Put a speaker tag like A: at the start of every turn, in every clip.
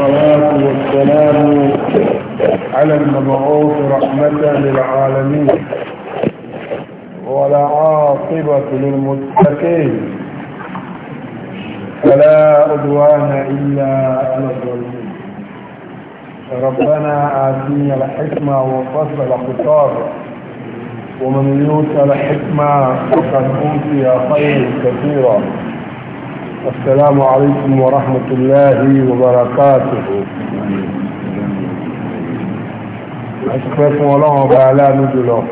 A: والصلاة والسلام على المبعوث رحمة للعالمين ولا عاقبة للمتقين فلا أدوان إلا على الظالمين ربنا آتينا الحكمة وفصل خطابه ومن يوسى الحكمة فقد أوتي خيرا كثيرا السلام عليكم ورحمة الله وبركاته أشكركم الله وبعلا نجله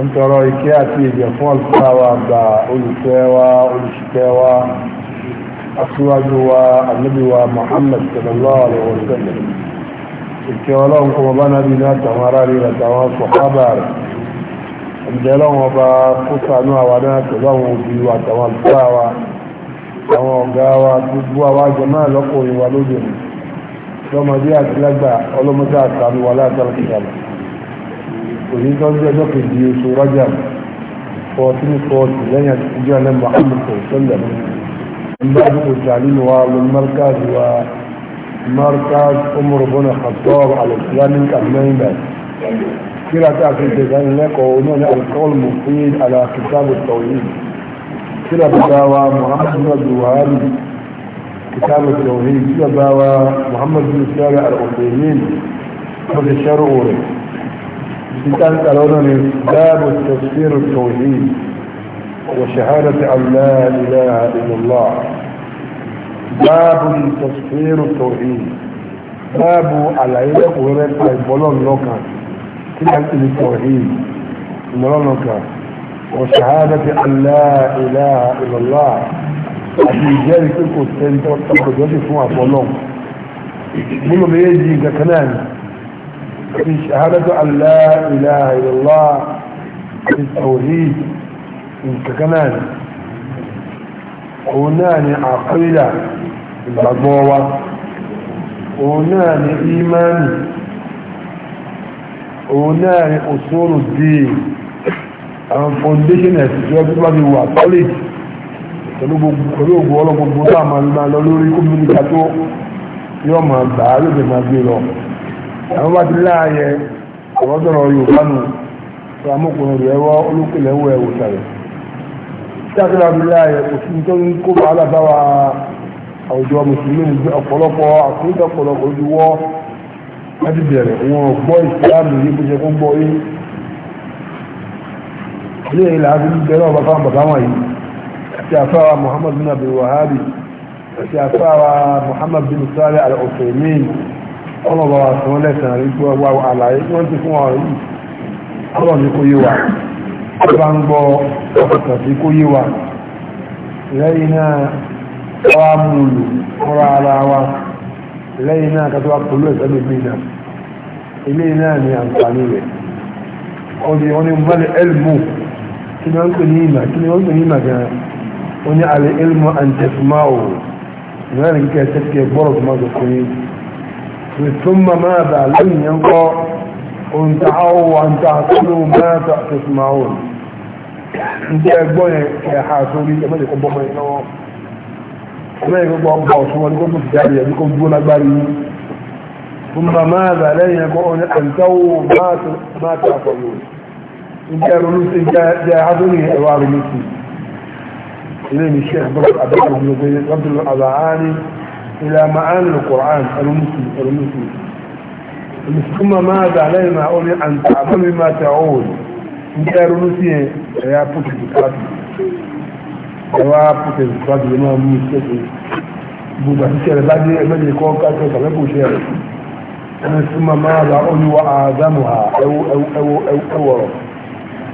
A: أنت رأيك أتي جفوال سوا أولسوا أولشكوا أسواجوا النبي محمد صلى الله عليه وسلم àwọn ọ̀gá wa gbogbo àwa jàmáà lọ́kùnrin wa lóde òní lọ́mọdé àti lágbà ọlọ́mọdé àtàlù wa látàlù kìtàlù òní tó ń bí ọjọ́ kejì oṣù rọ́jà fourteen forty lẹ́yìn àti ìjọ ẹ̀lẹ́ muhammed sọ́lẹ̀ nígbà tó kò sàlì wa lọ márkàdì wa márkàd Umar ibn Khattab al-Islamic amendment kíra tá a fi ṣe ìdánilẹ́kọ̀ọ́ náà ní al-qawl mufid ala kitab at-tawhid كلا بداوى محمد بن عبد الوهاب كتاب التوحيد كلا بداوى محمد بن سالع الأردنيين في الشارع أوري كتاب قالونا باب تفسير التوحيد وشهادة أن لا إله إلا الله باب تفسير التوحيد باب العيلة ورد البولون لوكا كلا التوحيد البولون لوكا وشهادة أن لا إله إلا الله أبي جاري تلكو التنت والتقرد وشي سمعه فولوم شهادة أن لا إله إلا الله أبي التوريد من جكنان قناني عقيلة البابوة قناني إيماني قناني أصول الدين àwọn foundation ẹ̀sìn tí wọ́n ti wá ti wà solid pẹ̀lú ògùn ọlọ́gbogbo tá a máa ń lọ lórí kómìnì ká tó yóò máa gbà á lóde máa gbé lọ àwọn bá ti láàyè ọ̀rọ̀ sọ̀rọ̀ yorùbá nù tó amókùnrin rẹ̀ wọ́ olókèlè wọ ẹ̀wò sàrẹ̀ tí a sọ̀rọ̀ àbí láàyè òfin tó ń kó bá alábáwa àwùjọ mùsùlùmí ní ọ̀pọ̀lọpọ̀ àkúndọ̀pọ̀lọpọ̀ ojú wọ́ láti bẹ̀rẹ̀ wọn gbọ́ ìsìlámù yìí bó ṣe kó gbọ́ yìí ilé ilẹ̀ abúlé bẹ̀rẹ̀ ọba fáwọn bàbá wọn yìí àti àfáwà muhammad bin abdul wahabi àti àfáwà muhammad bin salih al-usaimin ọlọ́ba lẹ́sàn rí pé àlàyé wọ́n ti fún wọn yìí ní kó yé wa ọba ń gbọ́ ọkọ̀ sí kó yé wa lẹ́yìn náà wá múlù fúnra ara wa lẹ́yìn náà kátó wa pẹ̀lú ẹ̀sẹ̀ ilé náà kí ni wọ́n pè ní ìmà kí ni wọ́n pè ní ìmà gan-an wọ́n ní alẹ́ ilmọ̀ àǹtẹ̀fùmáwò ìmọ̀ rẹ̀ kíkẹ́ tẹ́tẹ́ bọ́ọ̀lù tó máa tó kún yín ثم ماذا لم ينقى ان تعوا وان تعقلوا ما تسمعون انت اgbọ́n ẹ̀ ha sórí ẹ̀mọ́ lè kọ́ bọ́ ọmọ ìnáwó ẹ̀mọ́ lè kọ́ bọ́ ọ̀sùn wọn kó tó ti jáde ẹ̀mí kó dúró lágbárí ثم ماذا لم ينقى ان تعوا ما تسمعون إليني الشيخ برد عبد الله بن زيد رضي الله عنه إلى معاني القرآن المسلم المسلم المسلم ماذا علينا أقول أن تعظم ما تعود إن كانوا نسيين يا بوتي بكاتي يا بوتي بكاتي يا مام مستقل بوبا سيشير بادي أمد يكون كاتي فلقو شير المسلم ماذا أقول وأعظمها أو, أو, أو, أو, أو.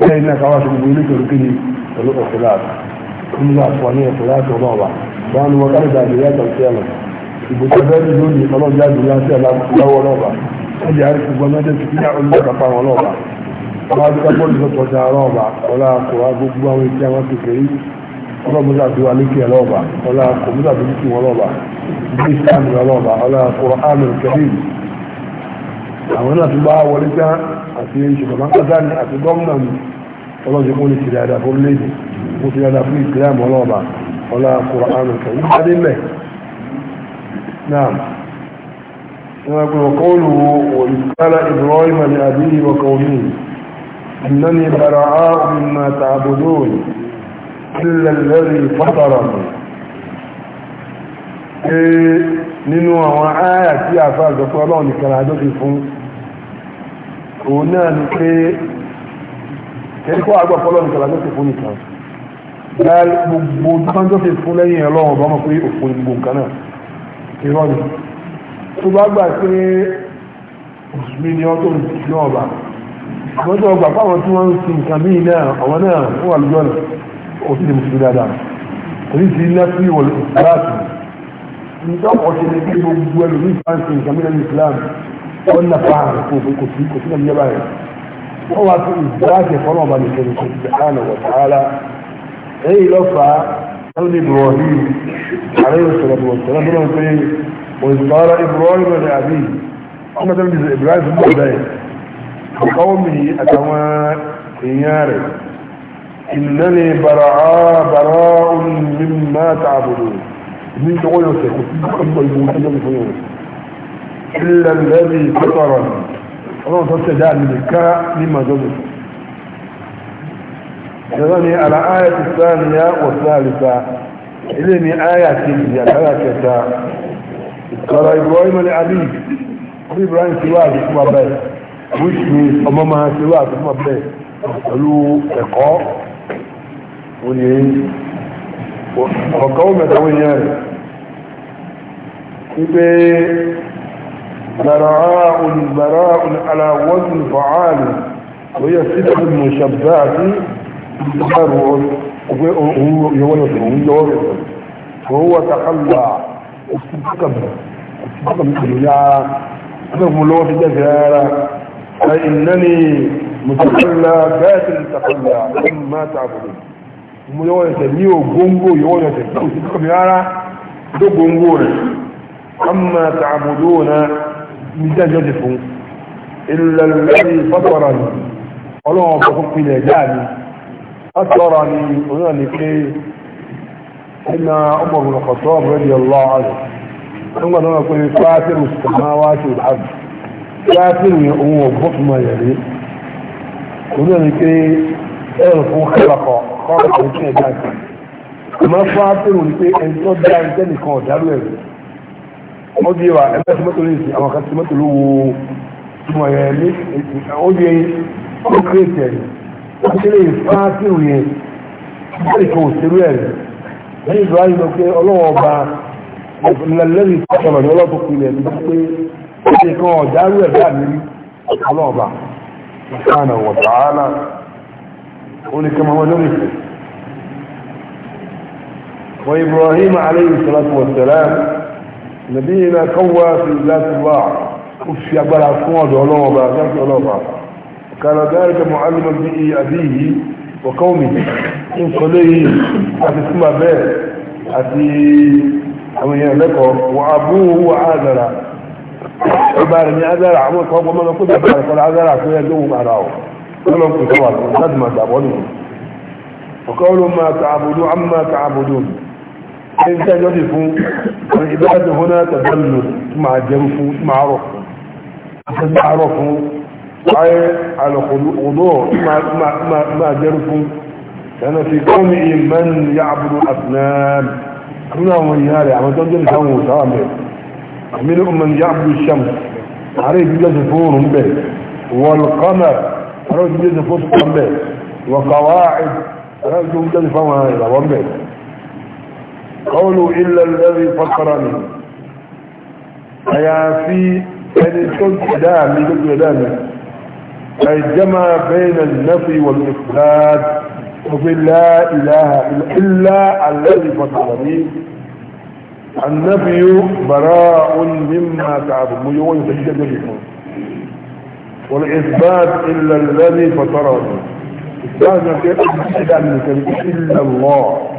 A: bẹ́ẹ̀ ní àkàwà tó gbogbo ilé tó rúkí ni pẹ̀lú ọ̀fẹ́láàtì kúrú náà fún ní ọ̀fẹ́láàtì ọ̀nà ọ̀bà wọn ni wọn kárí da àgbèrè àtàwọn sí ẹ̀lọ ìbùkún bẹ́ẹ̀ ni lónìí ọlọ́jà àgbèrè àti àláwọ̀ ọlọ́ọ̀bà wọ́n jẹ́ àríkù gbọ́mọdé fìdí àwọn olùkàpá wọn ọlọ́ọ̀bà wọ́n á dúpẹ́ bọ́ọ̀lù tó tọ́jà ọlọ́ọ̀bà ọlá kò wá gbogbo àwọn ìdí àwọn kékeré ọlọ́mọdé àti wà lékè ọlọ́ọ̀bà ọlá kò mú tàbí lékè wọn ọlọ́ọ̀bà bí ìsìlámù ọlọ́ọ̀bà ọlá kò rọ̀ àmì kẹ́lí àwọn náà tún bá wọlé tán àti ṣùgbọ́n kọ́tà ni àti gómìnà ni ọlọ́jọ́ kó lè ti dáadáa fún léde kó ti dáadáa fún ìsìlámù ọlọ́ọ̀bà ọlá kùránù kẹ̀yìn adé mẹ́ náà wọ́n pe ọkọ̀ọ́lù òlùkálà ibrahim àti nínú àwọn áyà tí àfáà gbọ́pọ̀ ọlọ́run nìkan àjọ́ fún òun náà ni pé kẹ́ríkọ́ àgbà fọ́lọ́ nìkan lájọ́ sí fún nìkan dáàrí gbogbo tánjọ́ sí fún lẹ́yìn ọlọ́run ọba mọ̀ pé òfin gbogbo nǹkan náà irọ́ ni tó bá gbà pé òṣùmí ni ọtọ́ ìṣúná ọba wọ́n tó gbà fáwọn tí wọ́n ń sin nǹkan míì náà àwọn náà fún àlùjọ náà ó sì lè mùsùlùmí dáadáa kò ní sí ilé sí ìwọ̀lẹ̀ ìsìláàtì nítorí ọ̀sẹ̀ ni gbogbo ẹlòmíì fáǹsì nǹkan míì náà ní wọ́n na fa kò fi kò fi kò fi nàbí yaba yẹn wọ́n wá sí ìdáàkì fọlọ́ ọba ní kẹ́lẹ́ kò fi hàn wọ̀ tààlà èyí lọ fà á sọ́dọ̀ ní ibrahim ààrẹ yóò sọ̀rọ̀ bọ̀ sọ̀rọ̀ bí wọ́n pé wọ́n sọ̀rọ̀ ibrahim ní àbí wọ́n mẹ́ta ní ibrahim ní ọ̀dà yẹn ọkọ̀ mi àtàwọn èèyàn rẹ̀ ìnáni bàrà bàrà òun mímú máa tààbùrù ní ìjọwọ́ yóò sẹ̀kù sí ìjọba ìgbòho إلا الذي فطرني ọlọ́run tó tẹ̀dá mi lè ká ní màdọ́gbò ṣẹlọ́ ni àlà áyà ti sáà ní yá wọ̀sá àlìsá ilé ni áyà ti ìdí àkàrà kẹta ìkọ̀rọ̀ Ibrahim ní abí bí Ibrahim ti wà àti fún abẹ́ which means ọmọ máa ti wà àti fún abẹ́ pẹ̀lú ẹ̀kọ́ òní ọ̀kọ́ mẹ́ta wọ́n yẹn rẹ̀ wípé براء براء على وزن فعال وهي ست المشبعات تبرع وهو تخلى وتتكبر وتتكبر يا أنه لو تجاهل فإنني متخلى باطل تخلى ما تعبدون mo yọ ẹsẹ̀ ní ògóńgó yọwọ́ ẹsẹ̀ tó ti kọ́ mi rárá tó góńgó rẹ̀ amma ta'buduna ìjẹ́jọ́ ti fún ìlẹ̀lẹ́rí fọ́tọ̀rọ̀ ni ọlọ́wọ́n kò fún ilẹ̀ ìjà ni fọ́tọ̀rọ̀ ni oníwà ní pé iná ọmọbìnrin kọ̀tọ́ ọ̀bẹ̀rẹ̀ ọlọ́ àrẹ̀ nígbà náà pé fáfíìrù sàmáwá sí ìdáàbò fáfíìrù yẹn òun ọ̀gbọ́n fún ma yẹ̀rí oníwà ní pé ẹ̀rù fún kọ́lọ̀kọ̀ kọ́lọ̀kọ̀ ní kí ẹ̀dá ó di wa ẹgbẹ́ tí mọ́tò lè sìn àwọn kan tí mọ́tò ló wo ìmọ̀ ẹ̀ ní ó di ó kírètì ẹ̀ ó ti lè fá sírù yẹn bẹ́ẹ̀ kò sírù ẹ̀ lẹ́yìn ìgbà yìí lọ pé ọlọ́wọ́ ọba lẹ́yìn ìtọ́sọ̀rọ̀ ni ọlọ́tò kú ilẹ̀ nígbà pé ó ti kan ọ̀dà rú ẹ̀ bá mi ọlọ́ọ̀ba ìsáànà wọ̀tàánà ó ní kẹmọ̀ wọn lórí fẹ́ wọ́n Ibrahim alayhi salatu wa salam نبينا قوى في ذات الله وفي أبرا فوض ونوبة ذات ونوبة كان ذلك معلما به أبيه وقومه إن صليه أتي سمى به أتي أمين لكم وأبوه هو عادل عبارة من عادل عمود صوب ومن أقول عبارة فالعادل عكوية جوه معراه ولم تقوى قد ما تعبدون وقولوا ما تعبدون عما تعبدون انت جذف والعباد هنا تذلل مع جنف مع رفع فتعرف عين على خضوع مع, مع, مع, مع جنف كان في قومه من يعبد الاصنام كنا ويالي عم تنزل فهمه سامر منهم من يعبد الشمس عليه جذفون به والقمر عليه جذفون به وقواعد عليه جذفون به قولوا إلا الذي فكرني أيافي أن يكون دامي كنت دامي أي جمع بين النفي والإثبات وفي لا إله إلا الذي فكرني النبي براء مما تعبد ميون تجد بكم والإثبات إلا الذي فطرني إثبات إلا الله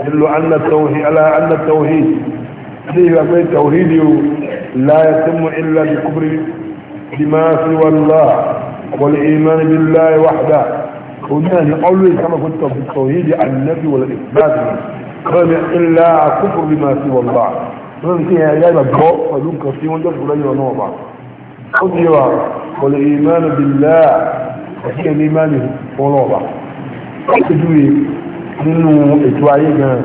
A: يدل أن التوحيد على أن التوحيد فيه التوحيد لا يتم إلا بكبر بما سوى الله والإيمان بالله وحده هنا قوله كما كنت في التوحيد عن النبي والإثبات قال إلا كفر بما سوى الله فمن فيها يا رب فدون كفي وجب لي ونوبة بعض والإيمان بالله وفي الإيمان ونوبة تجوي nínú ètò ayé gan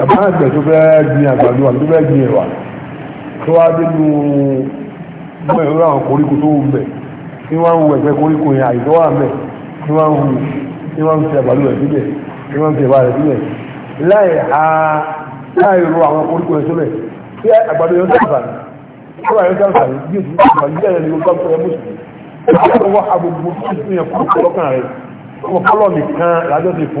A: ẹ̀bá àgbẹ̀ tó fẹ́ gbin àgbàdo àti tó fẹ́ gbin ẹ̀wà tó wá nínú àwọn koríko tó wù mẹ́ tí wọ́n ń koríko yẹn wà mẹ́ tí wọ́n ń wù tí wọ́n ń fi àgbàdo rẹ̀ síbẹ̀ tí wọ́n ń fi rẹ̀ síbẹ̀ láì ha láì ro àwọn koríko yẹn tí àgbàdo yẹn bí bí ni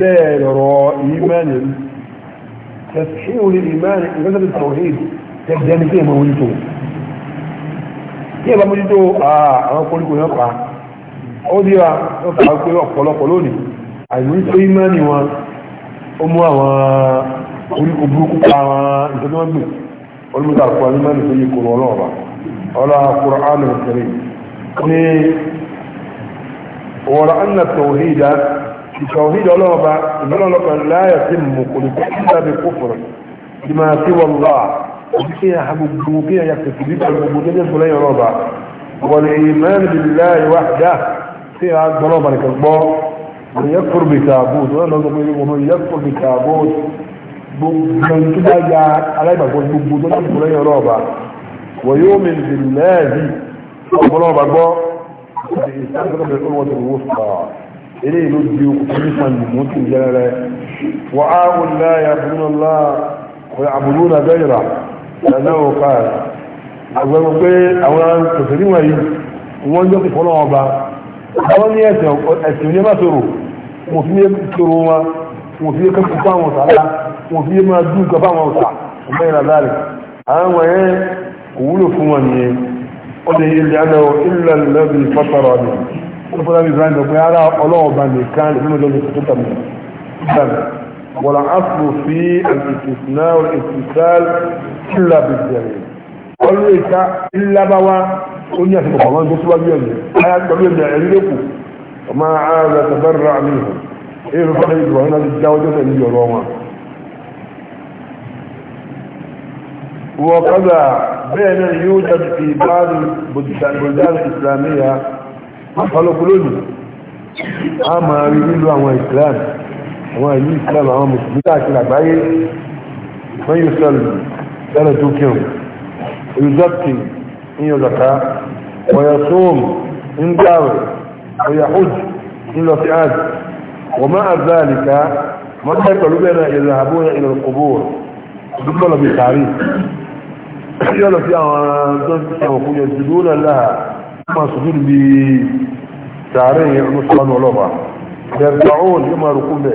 A: دال راء إيمان تسحيه للإيمان مثل التوحيد تبدأ فيه ما وجدته كيف وجدته آه أنا أقول لكم يقع أودي أتعرف كيف أقول أقولوني أقول لكم أيوة، إيمان أموا أقول لكم بروك أقول لكم أقول لكم أقول لكم إيمان في كل الله على القرآن الكريم ولأن التوحيد بتوحيد الله بقى ان لا يتم كلك الا بكفر بما سوى الله وفيها حبوب موكيه يكتب بيت الموجودين ولا يرضى والايمان بالله وحده فيها الظلام الكبار من يكفر بتابوت ولا نقول ومن يكفر بتابوت من كده جاء عليه بقول بوجودين ولا يرضى ويؤمن بالله الظلام الكبار الإنسان يقول الوسطى eléyìí ló di okùn ní sàn mú ti jẹ́ rẹ̀ wà á wùn láyà àbúrò náà àbúrò náà bẹ́ẹ̀ rà lẹ́nà òkà àgbẹ̀rún pé àwọn kòtòrí wọ̀nyí wọ́n ń jọ́kì fọ́lọ́ ọba àwọn ní ẹ̀sìn ẹ̀sìn ní mẹ́sọ̀rọ̀ mo fi yé sọ̀rọ̀ wọn mo fi yé kẹ́kọ̀ọ́ fún àwọn ọ̀sà lá fi yé máa dùn kọ́ fún àwọn ọ̀sà ọ̀gbẹ́ ìrà àwọn wọ̀nyẹn kò wúlò fún wọn nìyẹn ó lè yé lẹ́nà ìlànà ìfọ́sọ̀rọ̀ nìyẹn ọ̀pọ̀lọpọ̀ ibrahim ọ̀pẹ́ ara ọlọ́ọ̀bá nìkan ìfẹ́mọ̀lọ́ ní tuntun tàbí ìdáná wọ̀lá áfùrù fi àtìsìnà ìtìsàl ìlà bìbẹ̀rẹ̀ ọlọ́ ìta ìlábáwá ó ní àti kọ̀kọ̀ wọn tó síwájú ẹ̀mí ayá pẹ̀lú ẹ̀mí ẹ̀rí lẹ́kù ọmọ ààrẹ tàbẹ́rẹ̀ àmìhàn èyí ló fẹ́ ibrahim láti dáwọ́ jẹ́ pẹ̀lú ọ̀rọ̀ wọn. وكذا بين يوجد في بعض البلدان الإسلامية ọlọ́pọ̀ lónìí a máa rí nílò àwọn islam àwọn ìlú islam àwọn mùsùlùmí káàkiri àgbáyé wọ́n yóò sọ̀rọ̀ lẹ́nu tó kírun olùzọ́kì ń yọ zaka wọ́yọ̀ sóòmù ń dáwẹ̀ wọ́yọ̀ hujj ń lọ sí àjì wọ́n máa zálìkà wọ́n tẹ́ pẹ̀lú bẹ́ẹ̀ ìrìnàbó ìrìnàkòbó dúpọ̀ lọ bí tàrí yọ́ lọ sí àwọn tó ń sọ̀rọ̀ fún yẹn ma sujud bi tare ibn salman walaba yarja'un yuma rukume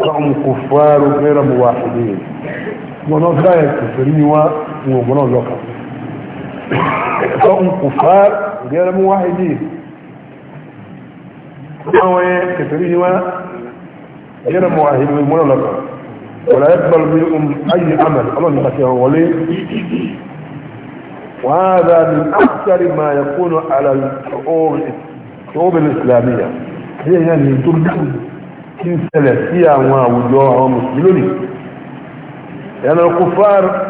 A: ka'um kuffaru ghayra muwahhidin wọn ọ̀dá ẹ̀ kẹfẹ́ ní wá wọn ọ̀gbọ́n náà lọ́kàn ka'um kuffaru ghayra muwahhidin àwọn ẹ̀ kẹfẹ́ ní wá ghayra muwahhidin wọn ọ̀gbọ́n náà lọ́kàn wọ́n yẹ́ bọ́lú bí um ayé amẹ́l ọlọ́run ìgbàkẹ́ wọn wọlé وهذا من أكثر ما يكون على الشعوب الشعوب الإسلامية هي يعني تردد كن سلسية ووجوه مسلمين لأن يعني الكفار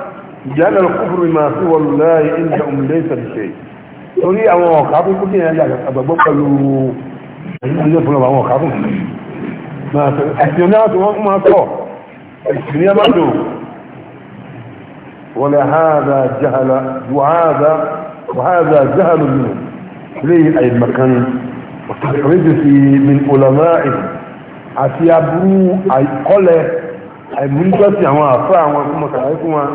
A: جعل الكفر ما سوى الله إنهم ليس بشيء torí àwọn ọ̀kàbùn kúrò ní ẹ̀yà àgbàgbọ́ pẹ̀lú ilé fún àwọn ọ̀kàbùn ẹ̀sìn náà tí wọ́n máa tọ̀ ẹ̀sìn ní ولهذا جهل وهذا وهذا جهل منه ليه أي المكان وتقريد في من علماء أسيابو أي قلة أي منتسع وعفاء وعفاء وعفاء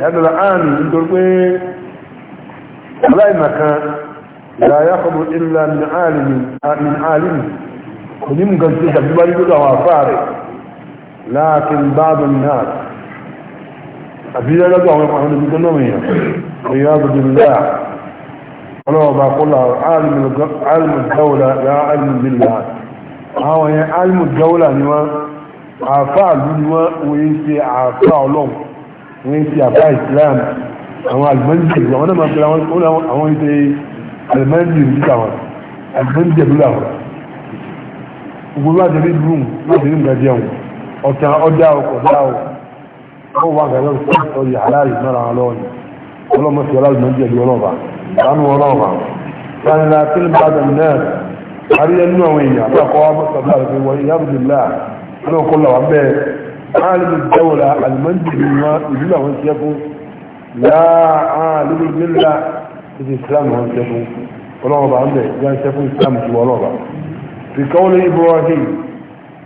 A: هذا الآن يقول ولا مكان لا يخبر إلا من عالم من عالم ونمكن تجد بلد وعفاء لكن بعض الناس àbí lọ́dọ̀ àwọn ọmọ ìlú tó lọ́wọ́ èèyàn èyí àbùdó ńlá ọlọ́ọ̀bá kọ́lá alìmùdáwòlá ya alìmùdílá àwọn yẹn alìmùdáwòlá ni wọ́n àfá àlú ni wọ́n wọ́n yí sí àfá ọlọ́run wọ́n yí sí àfá ìsìláàmù àwọn alìmọ́ndìrì àwọn náà máa pẹ̀lú àwọn ìṣe alìmọ́ndìrì títà wọn alìmọ́ndìrì làwọn gbogbo bá jẹ́ bí dùn láti rí nǹkan jẹun ọ̀tàn ọjà ọkọ̀ dáa ọkọ̀ wọ́n wá gàdá lọ sọ yìí aláàlì mẹ́ra lọ́ọ̀yì ọlọ́mọ sí aláàlì mẹ́jẹ̀ ìlú ọlọ́ọ̀bà lánú ọlọ́ọ̀bà sanilá fílmù bàtà náà kárí ẹnu àwọn èèyàn àbúrò àkọ́ wa sọ̀tà àti wọ́n yá bùdìlá náà kọ́ làwọn bẹ́ẹ̀ عالم الدولة المنجد إلا هو سيكون لا عالم الملة الإسلام هو سيكون ولغض عنده كان سيكون إسلام ولغض في قول إبراهيم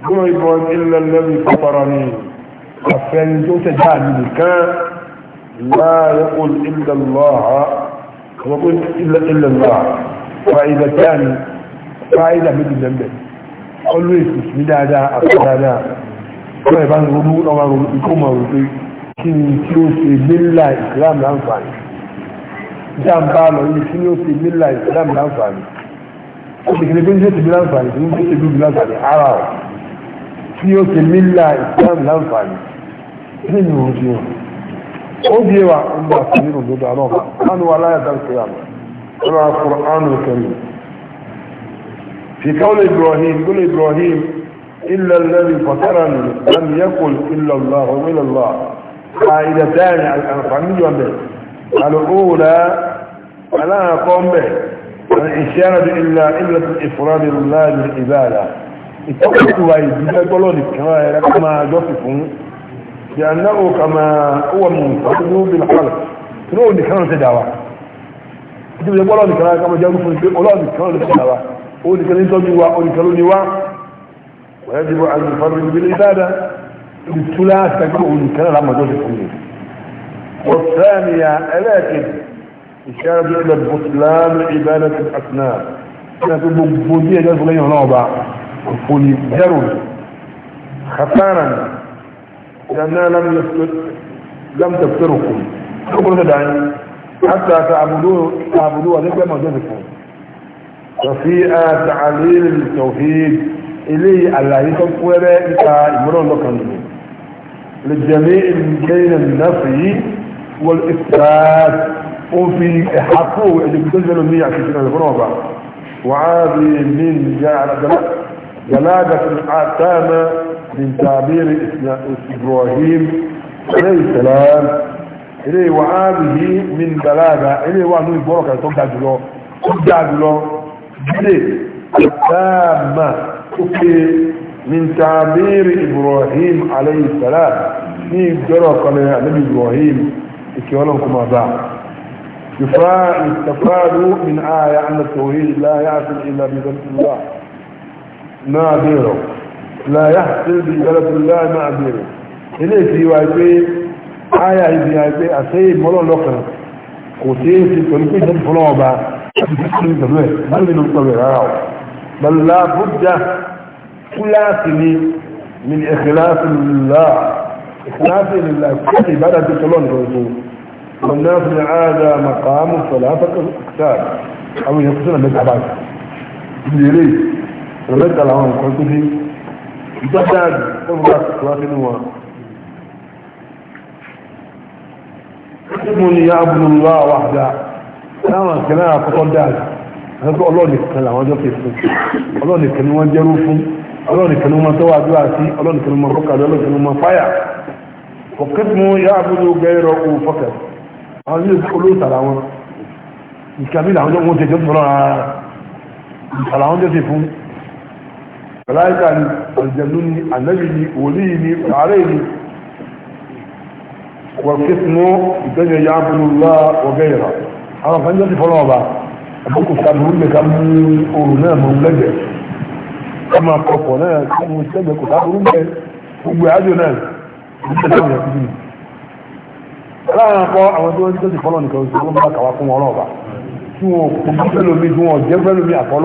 A: قول إبراهيم إلا الذي فطرني أفعل جوتا جعل كان لا يقول إلا الله ويقول إلا إلا الله فإذا كان فإذا من الذنب always bismi dáadáa àti dáadáa wọ́n ìbá ń ronú ọmọ ronú ikú ma rò pé kí ni tí ó ṣe nílà islam láǹfààní nínú ojú wọn ó bí wa ń bá sí nínú gbogbo àwọn ọba láàánú wa láyà dáńkì yàrá ẹ̀rọ إلا الذي فطرني لم يقل إلا الله وإلا الله قائدتان الأنفعمية به الأولى فلا أقوم به الإشارة إلا إلا إفراد الله بالعبادة اتقلت وإذن قلوني كما يرى جوفكم لأنه كما هو منفرد بالخلق تنوع الكلام تدعوى تقول يقول الله الكلام كما جاء في الله الكلام تدعوى هو الكلام تدعوى هو الكلام نوى ويجب أن نفرد بالعبادة بالثلاث تقول الكلام لما جوز الحمد والثانية لكن إشارة إلى بطلان عبادة الأسنان أنا تقول بودية جاز غير نوبة الفولي جرد خسارا لأنها لم يفتر لم تفتركم تقول تدعي حتى تعبدوا تعبدوا ذلك ما جزكم وفي تعليل التوحيد إلي الله إلى بك إمرون لكم للجميع بين النفي والإثبات وفي حقه اللي بتنزل المية عشرين البروبة وعادي من جعل جلادة التامة من تعبير إبراهيم عليه السلام إليه وعامه من بلاغة إليه وعنوه بركة تبدع جلو تبدع جلو إليه التامة من تعبير إبراهيم عليه السلام في جرق النبي إبراهيم إكيولنكم أبا يستفاد من آية أن التوهيد لا يعصل إلا بذنب الله نادره لا يحصل بجلد الله مع بيره إليه في واجبه آية ابن عيبه أسيب مولون لقنا قوتيه تنكي تنفلوه با بل من الطبيعة بل لا بد كل سنين من إخلاص لله إخلاص لله كل بلد تلون رسول والناس من عادة مقام الصلاة أكتاب أو يقصنا من أبعاد يريد ربك العام قلت فيه ìgbàdáàdì ọgbà tuntun nínú wọn. mo ní abúlúwà wàhálà láwọn ìkẹlẹ àkọ́kọ́ dáàdì àkọ́kọ́ ọlọ́ọ̀nì kan làwọn ọjọ́ kẹfù ọlọ́ọ̀nì kan ni wọ́n jẹ́rú fún ọlọ́ọ̀nì kan ni wọ́n tọ́wọ́ àdúrà sí ọlọ́ọ̀nì kan ni wọ́n kọ́kàdé ọlọ́ọ̀nì kan ni wọ́n fáyà ọ̀kẹ́sìmọ́ yà abúlú gẹ́rọ òun fọ́kẹ̀ àwọn ilé màláìkà ni àlùjànnú ni ànábì ni wòlíì ni sàárẹ̀ ni wàkísínú ìtẹ́jọ ya abúlúlá ọgẹ́yìnrà àwọn kan jẹ́ ti fọ́nà ọba àbúkù sàbúrú lè ká mú oòrùn náà mọ̀ lẹ́gbẹ̀ẹ́ ká máa kọkọ̀ náà ká mú sẹ́gbẹ̀ẹ́ kò sàbúrú lẹ́ gbogbo àjò náà ní tẹ́jọ ìyà fífi láàrín akọ àwọn tó ń tẹ́jọ fọ́nà nìkan sí ọlọ́mọba kàwá fún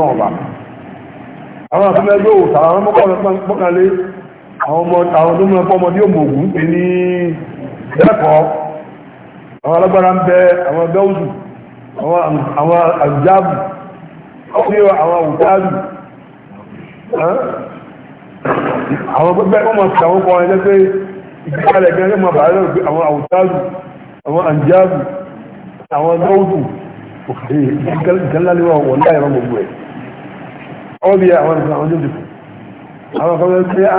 A: wọn àwọn àfẹ́lẹ́gbẹ́ òòtà àwọn mọ́kànlé àwọn tó mọ́ ọmọdé òmògùn pè ní ẹ̀kọ́ àwọn alágbára ń bẹ àwọn bẹ́ùsù àwọn àjábù ọkùnrin àwọn òtáàlù àwọn gbẹ́gbẹ́ ọmọ àwọn kọ́ ẹgbẹ́ pé ìgbẹ́kàlẹ̀ gẹ́gẹ́ mọ̀ bàálẹ̀ àwọn àwòtáàlù àwọn àjábù àwọn bẹ́ùsù ìgbẹ́kàlẹ̀ wọ̀ láìrọ̀ gbogbo ẹ̀ ọbí àwọn ìgbà àwọn jẹ́ àwọn kan lè pé à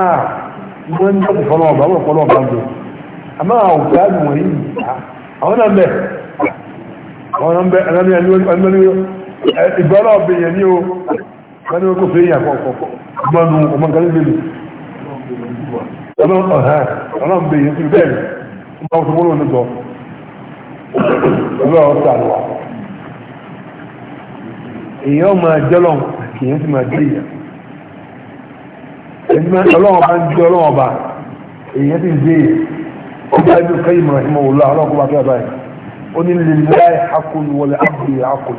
A: wọ́n ń dọ́kù fọlọ́ ọba wọ́n fọlọ́ ọba jọ àmọ́ àwọn òkè àgbà wọ̀nyí àwọn náà bẹ̀ àwọn náà bẹ̀ ẹ̀rọ ní ẹni ní ìgbà náà bẹ̀ yẹn ní o wọ́n ní wọ́n kò fẹ́ yà kọ̀ọ̀kọ̀ gbọ́nu ọmọ nǹkan lè lè èèyàn sì máa dé èèyàn ẹni máa ọlọ́wọ́n bá ń dé ọlọ́wọ́n bá èèyàn sì ń dé èèyàn ó bá ibi kẹ́yìn mọ̀ ẹ̀mọ́ wò lọ ọlọ́wọ́n kó bá fẹ́ báyìí ó ní lillahi hakun wọlé abdi hakun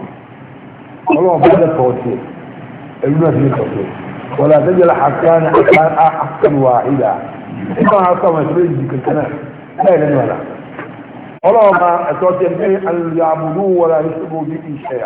A: ọlọ́wọ́n bá lẹ́tọ̀ ọ̀tẹ̀ ẹ̀rú náà sì ní tọ̀tẹ̀ wọlé àtẹ́jọ́ àkàn àkàn wà ìlà nígbà wọn kọ́ ọmọ ìṣẹ́lẹ̀ ìdí kankan náà bẹ́ẹ̀ lẹ́nu ọ̀la ọlọ́wọ́n bá ẹ̀tọ́ tẹ̀ ń pẹ́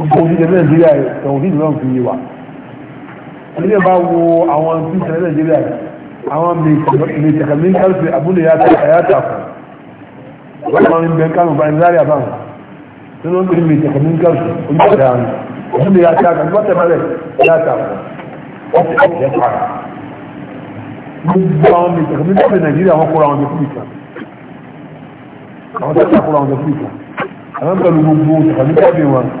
A: òṣìṣẹ́ nàìjíríà ẹ̀wọ̀n tí ìlú fi wà ilé bá wo àwọn tí ìṣẹ̀lẹ̀ nàìjíríà àwọn mẹ̀tẹ̀kàmíkàlùfẹ̀ abúlé àyàtà fún wọ́n máa ń bẹ kánù bá ìzárí àbáwọn tí wọ́n pè ní mẹ̀tẹ̀kàmíkàlùfẹ̀ onígbàdà àmì abúlé àyàtà fún wọ́n tẹ̀mọ́lẹ̀ àyàtà fún wọ́n ti ọ̀jẹ̀ para gbogbo àwọn mẹ̀tẹ̀kàmíkàlùfẹ̀ nàìjíríà wọ́n kóra àwọn ọmọ fún ìta àwọn tẹ́tà kóra àwọn ọmọ fún ìta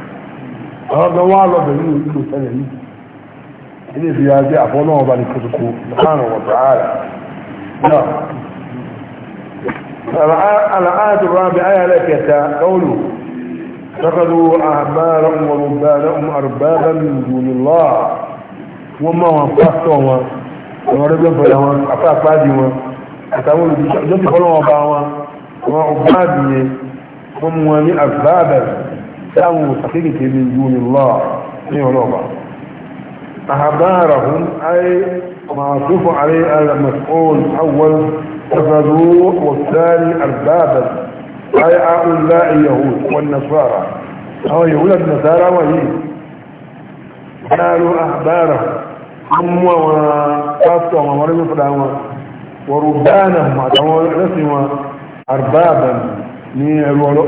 A: ọ̀rọ̀ wá lọ́dọ̀ yìí ìlú tẹ́lẹ̀ yìí ilé ìfi ya jẹ́ àfọ́nà ọba ní kòtòkò lọ́kànnà wọ̀tà ààrẹ náà الآية الرابعة لكتا قولوا اتخذوا أحبارهم وربانهم أربابا من دون الله وما وفقتهم وربهم فلهم أفاق بادهم أتقولوا بشأجة فلهم أباهم وعبادهم هم وني أربابا دعوا تقيك من دون الله إيه يا رب أحبارهم أي معطوف عليه المسؤول الأول تفذوه والثاني أربابا أي أولاء اليهود والنصارى أو يهود النصارى وهي قالوا أحبارهم هم وقفتهم ومرمي فلهم وربانهم أربابا من الولؤ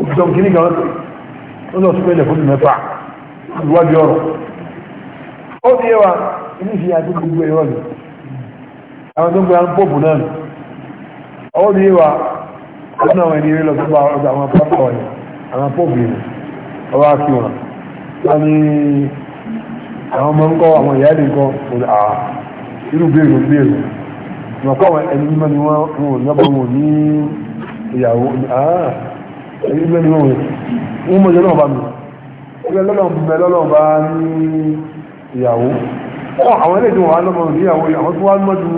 A: òjò kìíní kan ó lọ sípé ilẹ̀ fóònù mẹ́fà ìwádìí ọ̀rọ̀ ó ní ẹwà ilé ìfìyà tó gbogbo ẹ̀rọ ni àwọn tó gba ń pòpù náà ni ó ní ẹwà ọdún àwọn ẹni eré lọ sí ọjà àwọn pápá ọ̀yà àwọn pòpù yìí ọba kí wọn wọn ni àwọn ọmọ ńkọ àwọn ìyá ìdí nǹkan kò ní àá irú béèrè béèrè wọn kọ́ àwọn ẹni mímọ́ ni wọ́n èyí gbẹ́ni náà wọ́n mọ̀ jẹ́ náà bá mi ẹgbẹ́ lọ́nà bẹ lọ́nà bá ní ìyàwó àwọn ilé ìdíwọ̀n alọ́mọ ìyàwó àwọn tó wá mọ́jú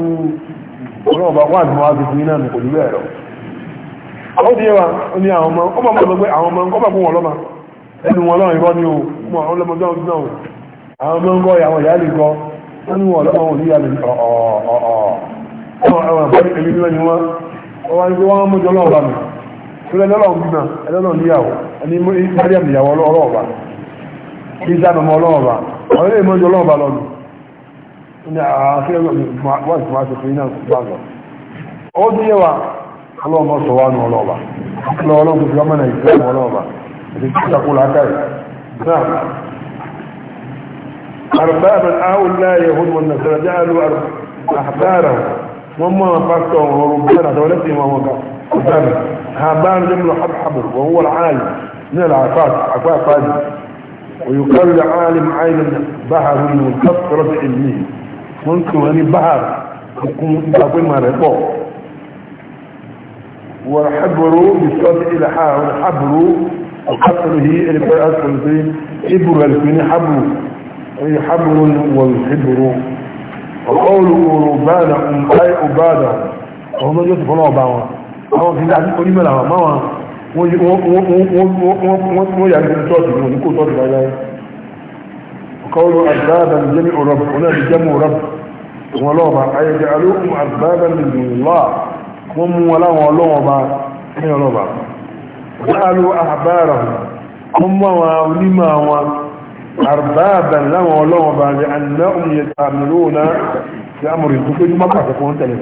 A: ọlọ́ọ̀bá wà ní wá gbogbo iná nù kò ní bẹ́ẹ̀ lọ àwọn òdí ẹwà ní àwọn ọmọ ọmọ ọmọ ọgbẹ́ àwọn ọmọ ọgbà fún wọn lọ́mà ẹnu wọn lọ́rùn ìrọ́ ní o mọ àwọn ọlọ́mọ ọjọ́ ọdún náà àwọn ọmọ ọgbọ́ àwọn ìyá lè gọ wọn ní wọn lọ́mọ wọn níyà tọ́lẹ̀ lọ́lọ́ bímọ ẹlọ́lọ́ níyàwó ẹni mariam níyàwó ọlọ́ọ̀bá ìjà nọmọ ọlọ́ọ̀bá ọ̀rẹ́ ìmọ̀jú ọlọ́ọ̀bá lọ́nu ní àkíyàn wọ́n ti máa ṣe fún iná bá lọ ó ní yẹwà ọlọ́ọ̀bá sọ wá nù ọlọ́ọ̀bá ọlọ́ọ̀bá fi ọmọ nàìjíríà mọ ọlọ́ọ̀bá àti kí ìṣàkó làákàyè náà arbaaban aawun náà yẹ hun wọn nàìjíríà jáàlú àhàbára wọn mọ àwọn pásítọ̀ قدامي هابان جمله حبحبر وهو العالم من العفاف عفاف هذه ويقال لعالم عين بحر والكثرة علمية ممكن يعني بحر يكون أقول ما رأيه والحبر بالصوت إلى حاء والحبر القطر هي اللي في حبر الكني حبر أي حبر والحبر وقولوا ربانا أم أي أبادا وهم يدفنوا بعضهم àwọn fi dájú onímọ̀lá àwọn máa wọ́n yà ní tọ́ọ̀tì ní oníkó tọ́ọ̀tì láyé kọ́ọ̀lù àgbàdàn jẹ́mi ọ̀rọ̀bù oní àti jẹ́mi ọ̀rọ̀bù wọn lọ́ọ̀bà ayẹyẹ alóhùn àgbàdàn lùlá wọ́n mú wọn láwọn ọlọ́wọ́ba ní ọlọ́ba láàlú àbára wọ́n mú àwọn onímọ̀ àwọn àrbàbà láwọn ọlọ́wọ́ba ní ànáhùn yẹ tààmìlónà ti amòrìn tó pé ní mọ́kàtà fún tẹ̀lé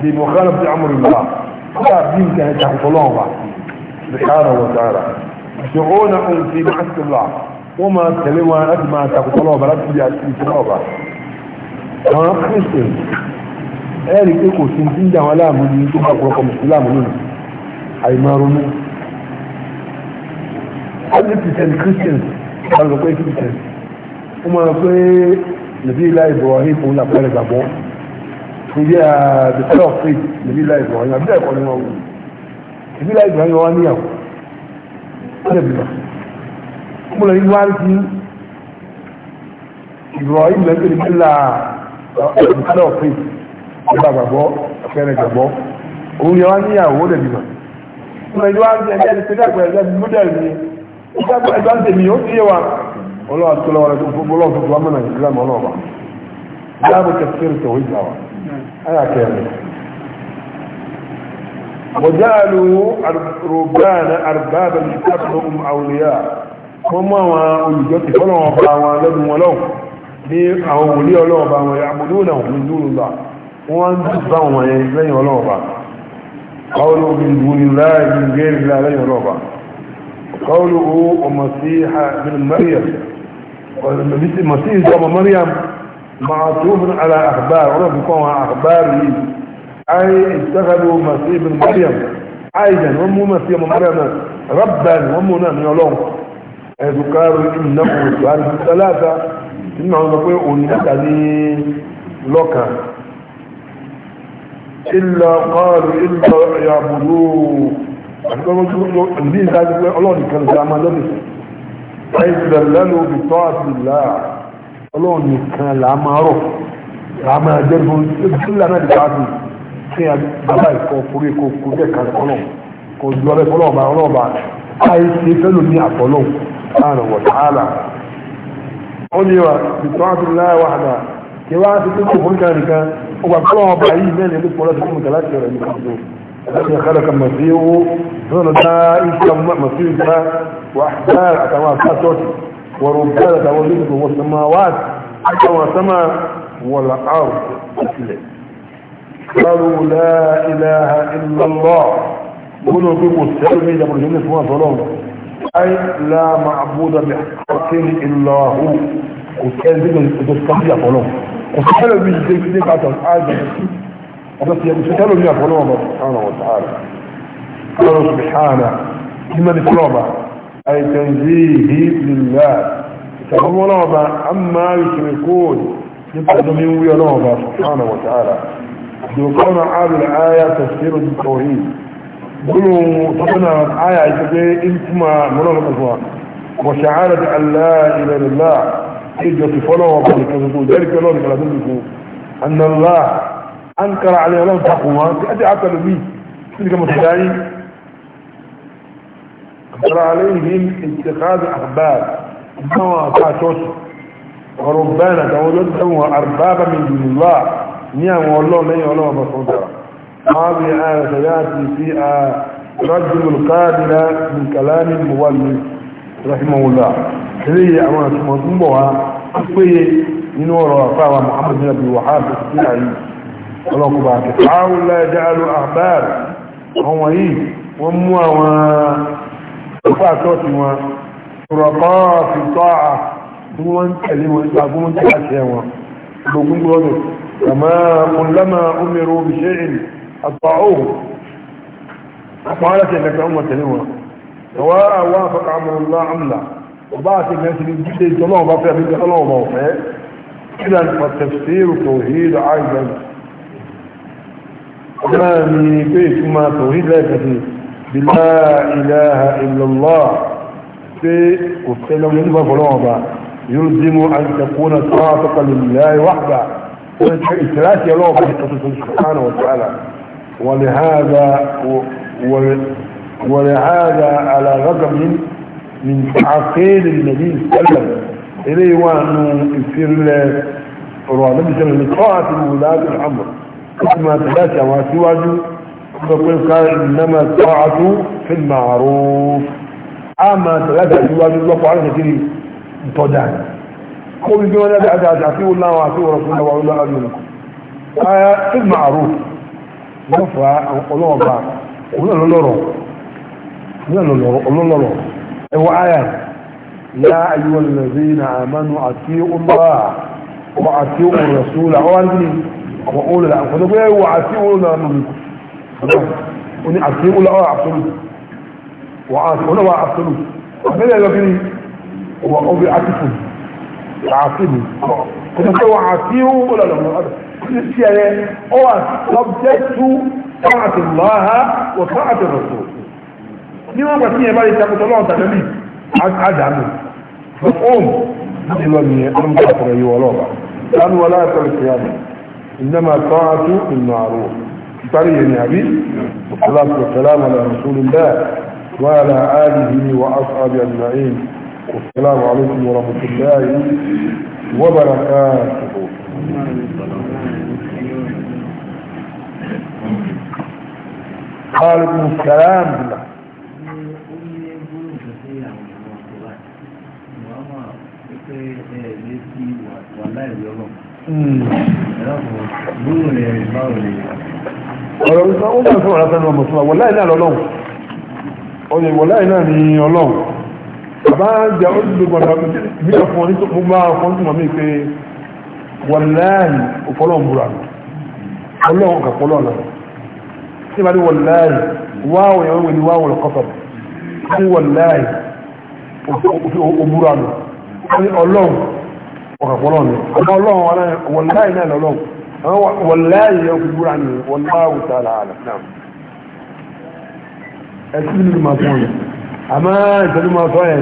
A: bí mọ̀kànlá ti amòrìn lọ́wọ́ kọ́dà bí nǹkan ẹ̀ka ọ̀tọ́lọ́wọ́ wa bìkárà wọ̀ sára ṣòhónà ohun ti máa ti lọ wọ́n máa tẹ̀lé wọn láti máa ta ọ̀tọ́lọ́wọ́ láti bí àti ìtọ́lọ́wọ́ wa àwọn kristian ẹ̀rí pé kò sí ti ń jà wọn láàmú ní tó bá kọ́kọ́ mùsùlùmí lónìí àìmọ́rúnú hundred percent christians wọ́n lọ pé christians wọ́n máa pé nàbí ilá ibrahim òun làpẹ́rẹ́ gbàgbọ́ ìdí àdìsẹ́ of faith níbí láì Ibrahim àbí ẹ̀kọ́ ni wọ́n wù níbí láì Ibrahim wọ́n níyàwó wọ́n lè bìbà mo lè wá sí Ibrahim lẹ́gbẹ̀ẹ́ níbí là àdìsẹ́ of faith nígbà gbàgbọ́ fẹ́rẹ̀ gbàgbọ́ òun yẹ wá níyàwó wọ́n lè bìbà mo lè wá sí ẹgbẹ́ ẹni sẹ́dá pẹ̀lú ẹgbẹ́ mọ́dẹ̀lì ni ẹgbẹ́ ẹgbẹ́ tèmi ó ti yé wa ọlọ́wà tó lọ́wọ́ rẹ̀ tó fọ́ babu tafsir tauhid awa ana kai وجعلوا ربان أربابا يتبعهم أولياء هم ولجت فلو باوا لهم ولو ni àwọn wòlíì ọlọ́ọ̀bá wọn ya àmúlùúnà òfin dúrùlá wọ́n ń dùn sáwọn wọn yẹn lẹ́yìn ọlọ́ọ̀bá kọlu òfin dúrùlá ìlú gẹ́rìlá lẹ́yìn ọlọ́ọ̀bá kọlu ó ọmọ sí ha bin mariam ọmọ sí ìjọba mariam معطوف على أخبار عرف يكون أخبار أي اتخذوا مسيح بن مريم أيضا هم مسيح بن مريم ربا هم نعم يلوم أي قالوا إنه سؤال في الثلاثة إنه نقول أولئك لوكا إلا قالوا إلا يعبدوه الدين هذا يقول الله كان زعما لبس أي دللوا بطاعة الله الون كان العمارو عما دربو كل ما بتعدي كان باباي كو فريكو كو ديكا الون كو جوله فلو ما الون با اي سي فلو ني ابولون انا وتعالى اولي وا بتعد الله وحده كوا بتكو فلكانك او كلو باي مين اللي بقول في من ثلاث شهور من الذي خلق المسيح هو دائما مسيح واحبار اتواصل صوتي وربنا تولده والسماوات كما سما والأرض أسلم قالوا لا إله إلا الله قلوا بكم السلم إذا مرجعين اسمه صلوم أي لا معبود بحق إلا هو وكان ذلك تستطيع صلوم وسألوا من ذلك ذلك عشان آجل بس يسألوا من صلوم سبحانه وتعالى قالوا سبحانه لمن صلوبه أي تنزيه لله فهم نوبة عما يشركون يبقى ويا نوبة سبحانه وتعالى يقولون عاد الآية تفسير التوحيد قلوا طبعنا الآية يتبقى إنتما منغمة وشعالة أن لا إله إلا الله إجوا تفلوا وبالك ذلك الله لك أن الله أنكر عليه الله تقوى أدعى تلميذ تلك مستعين جرى عليهم اتخاذ أخبار نوع فاتوس وربانا توجدهم أربابا من دون الله نعم والله لن يعلم بصدر هذه آية سيأتي فيها رجل القادرة من كلام المولد رحمه الله هذه أمانة مضمبها أخي من وراء فاوى محمد بن أبي وحاب السلعي الله كباك تعاول لا يجعل أخبار هم إيه وموا ọ̀pọ̀ àtọ́sí wọn rọ̀kọ́ fi tọ́ à fún wọn tẹ̀lé wọn nípa fún wọn tẹ̀lé àṣẹ wọn gbogbo gbọ́dọ̀ kàmá kùnlámà omiru bìṣẹ́yìn àtọ́ òhù ọ̀pọ̀ aláṣẹ ìlẹ́kẹ̀ ọmọ tẹ̀lé wọn ìwà àwọn afọ́kà àmọ̀lá àmlà ọba àti ìgbẹ́sí ní jíde ìjọlọ́wọ́ bá fẹ́ àbí ìjọlọ́wọ́ bá ọ̀fẹ́ إذا فالتفسير توحيد عيدا ما من كيف ما توحيد لا كثير بلا إله إلا الله في وفقنا ونبا فلوبا يلزم أن تكون صادقا لله وحده الثلاث يا لوبا سبحانه وتعالى ولهذا ولهذا على غضب من من تعقيد النبي صلى الله عليه وسلم إليه وأنه يصير النبي صلى الله عليه وسلم طاعة الولاة الأمر كما ثلاثة فقل قال إنما الطاعة في المعروف أما ثلاثة أجوال الله عليه كثير تودان قول بعد بأداء تعطيه الله وعطيه رسول الله وعلى الله أجلكم آية في المعروف نفع الله أبا ولا لولو ولا لولو ولا لولو هو آية يا أيها الذين آمنوا أطيعوا الله وأطيعوا الرسول وأولي وأولي الأمر وأطيعوا الله منكم oní àti ọlọ́wà absolute ọlọ́wà absolute ọ̀bẹ́lẹ̀ lọ́gbìn wọ ọbẹ̀ àtìkù àtìkù kọjá pé wọ́n àti ọlọ́lọ́wà ọdún sí ẹ̀yẹ ọwà subject to sáàtì lọ́ha wọ sáàtì rọ̀tọ̀ ní wọ́n pàtí yẹn bá lè takùtọ̀ lọ́wọ́ tàbí àdánù fọ́ọ̀m láti lọ nìyẹn ọlọ́mọdé àtọ̀rọ̀ yìí wọ́n lọ́ọ̀bà lánàá wọlé àtọ̀rọ̀ ìyá mi ìnáma tọ́ àtú ìmọ̀ àrùn sáré yẹn ni àbí salatu wasalamu ala rasulillah wa ala alihi wa ashabi ajma'in assalamu alaikum wa rahmatullahi wa barakatuhu خالد بن سلام بالله Mm. ọ̀rọ̀ ìgbà ó bá fún ọ̀rọ̀ fẹ́ràn ọmọ fún wa wọ̀láì náà lọ́lọ́run ọ̀yẹ̀ wọ̀láì náà ni ọlọ́run bàbá jẹ́ ó ti gbogbo ọ̀dọ̀ bí ọ̀fọ̀ ní tó bá ọ̀fọ̀n tó mọ̀mí pé wọ̀láì òfọlọ́run búra ọlọ́run kàpọ̀lọ́ ọ̀nà tí bá wọ́n ní wáwọ̀ wọ̀láì òbúra ọlọ́run ọ̀kàpọ̀lọ́ ọ̀nà wàláyé yóò fi búra ní wàláwù na àlà náà ẹ̀sìn nínú ma fún ọ̀yẹ̀ àmá ìtẹ́lú ma sọ ẹ̀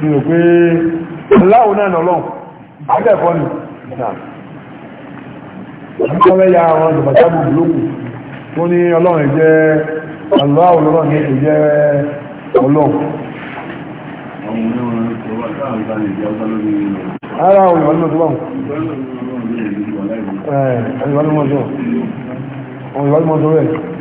A: ní o pé aláwò nà lọ́n akẹ́kọ̀ọ́ ni ọ̀pọ̀lọpọ̀ ya àwọn tó ní ọlọ́run jẹ́ aláwò lọ́rọ̀ ara òun ìwọ́n ní ọdún báwọn òun ìwọ́n ní ọdún rẹ̀